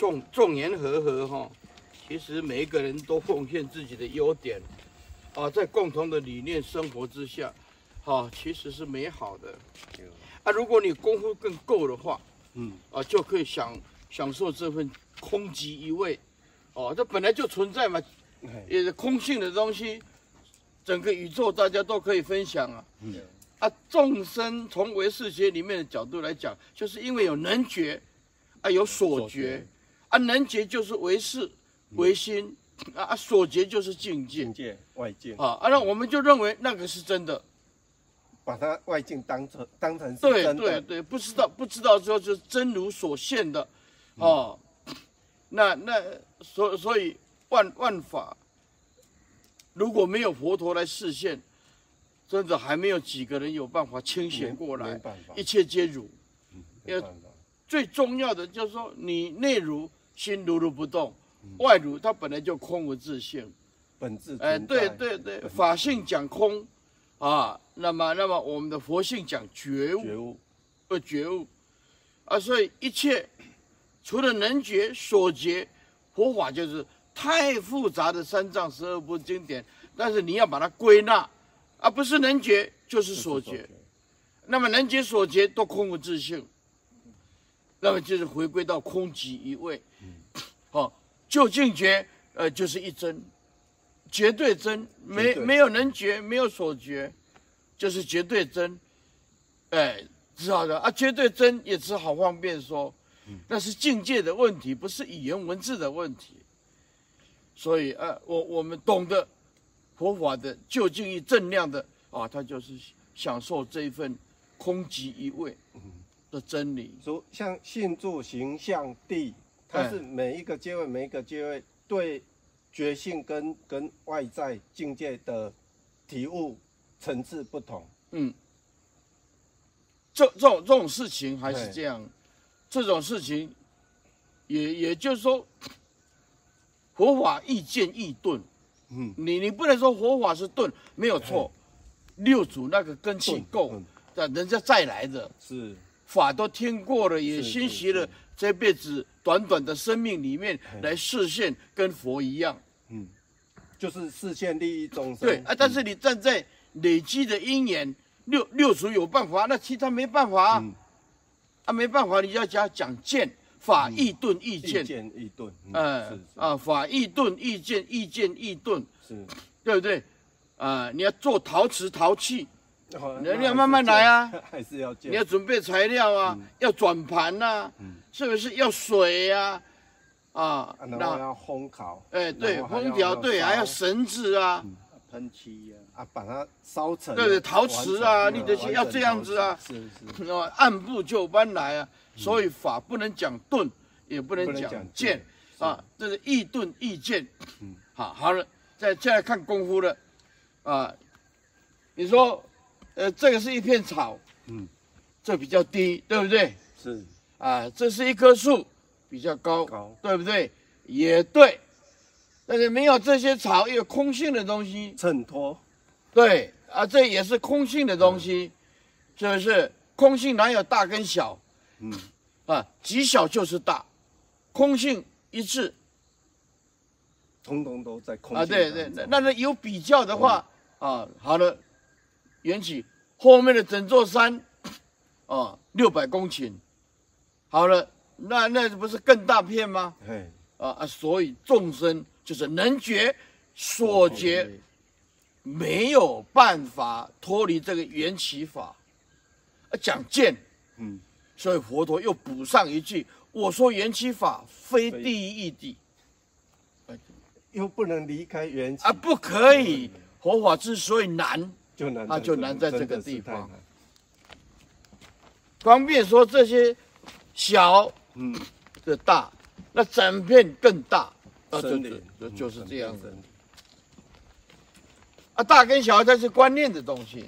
眾眾言和合哈，其實每一個人都奉獻自己的優點，啊，在共同的理念生活之下，哈、啊，其實是美好的。啊，如果你功夫更夠的話，嗯，啊，就可以享享受這份空寂一味。哦、啊，這本來就存在嘛，也是空性的東西，整個宇宙大家都可以分享啊。嗯、啊，眾生從唯識學裡面的角度來講，就是因為有能覺，啊，有所覺。所覺啊，能覺就是唯識唯心啊，所覺就是境界，境界外境啊，啊，那我們就認為那個是真的，把它外境當成當成是真，對對對，不知道不知道，說就是真如所現的啊，嗯、那那所以所以萬萬法如果沒有佛陀來示現，真的還沒有幾個人有辦法清醒過來，一切皆如，要、嗯、最重要的就是說你內如。心如如不動，外如它本來就空無自性，嗯欸、本質哎，對對對，自法性講空啊，那麼那麼我們的佛性講覺悟物、呃，覺悟，啊覺悟，啊所以一切除了能覺所覺，佛法就是太複雜的三藏十二部經典，但是你要把它歸納，啊不是能覺就是所覺，所覺那麼能覺所覺都空無自性，那麼就是回歸到空寂一味。嗯好，究竟覺，呃，就是一真，絕對真，沒對沒有能覺，沒有所覺，就是絕對真，哎、欸，知道的啊，絕對真也只好方便說，那是境界的問題，不是語言文字的問題，所以，呃我我們懂得佛法的究竟一正量的啊，他、哦、就是享受這一份空寂一味的真理。說像信住形象地。嗯嗯嗯嗯嗯嗯嗯嗯但是每一個階位，每一個階位對覺性跟跟外在境界的體悟層次不同。嗯，這這種這種事情還是這樣，嗯、這種事情也也就是說，佛法亦漸亦頓。嗯，你你不能說佛法是頓，沒有錯。嗯、六祖那個根器夠，嗯、人家再來的是法都聽過了，也心息了，對對對這輩子。短短的生命裡面來實現跟佛一樣，嗯，就是實現利益眾生。對啊，但是你站在累積的因緣，六六祖有辦法，那其他沒辦法，嗯、啊沒辦法，你要講講漸法，亦頓亦漸，亦啊，法亦頓亦漸，亦漸亦頓。是，對不對？啊，你要做陶瓷陶器。你要慢慢來啊，還是要你要準備材料啊，要轉盤吶，是不是要水啊？啊，然後要烘烤。哎，對，烘烤，對，還要繩子啊。噴漆呀，啊，把它燒成。對對，陶瓷啊，你的心要這樣子啊。是是，那麼按部就班來啊。所以法不能講頓，也不能講漸啊，這是一頓一漸。嗯，好，好了，再再來看功夫了。啊，你說。呃，這個是一片草，嗯，這比較低，對不對？是啊，這是一棵樹，比較高，高，對不對？也對，但是沒有這些草，有空性的東西襯托，對啊，這也是空性的東西，嗯、就是不是？空性哪有大跟小？嗯，啊，極小就是大，空性一致，通通都在空性啊，對對，但是有比較的話、嗯、啊，好了。緣起後面的整座山，啊，六百公頃，好了，那那不是更大片嗎？哎嘿，啊、呃、啊，所以眾生就是能覺所覺，沒有辦法脫離這個緣起法。啊，講見，嗯，所以佛陀又補上一句：我說緣起法非第一義諦，又不能離開緣起啊、呃，不可以。佛、嗯、法之所以難。就難、這個啊、就難在這個地方。方便說這些小的，大，嗯、那整片更大。累啊，就是就是這樣的。嗯、啊，大跟小，它是觀念的東西。